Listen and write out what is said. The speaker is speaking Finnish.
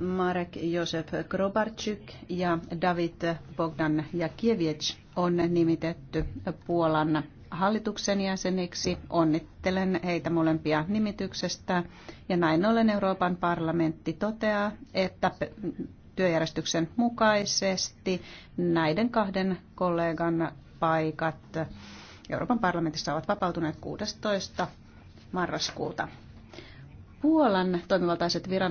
Marek Josef Grobarczyk ja David Bogdan Jakiewicz on nimitetty Puolan hallituksen jäseniksi. Onnittelen heitä molempia nimityksestä. Ja näin ollen Euroopan parlamentti toteaa, että työjärjestyksen mukaisesti näiden kahden kollegan paikat Euroopan parlamentissa ovat vapautuneet 16. marraskuuta. Puolan toimivaltaiset viranomaiset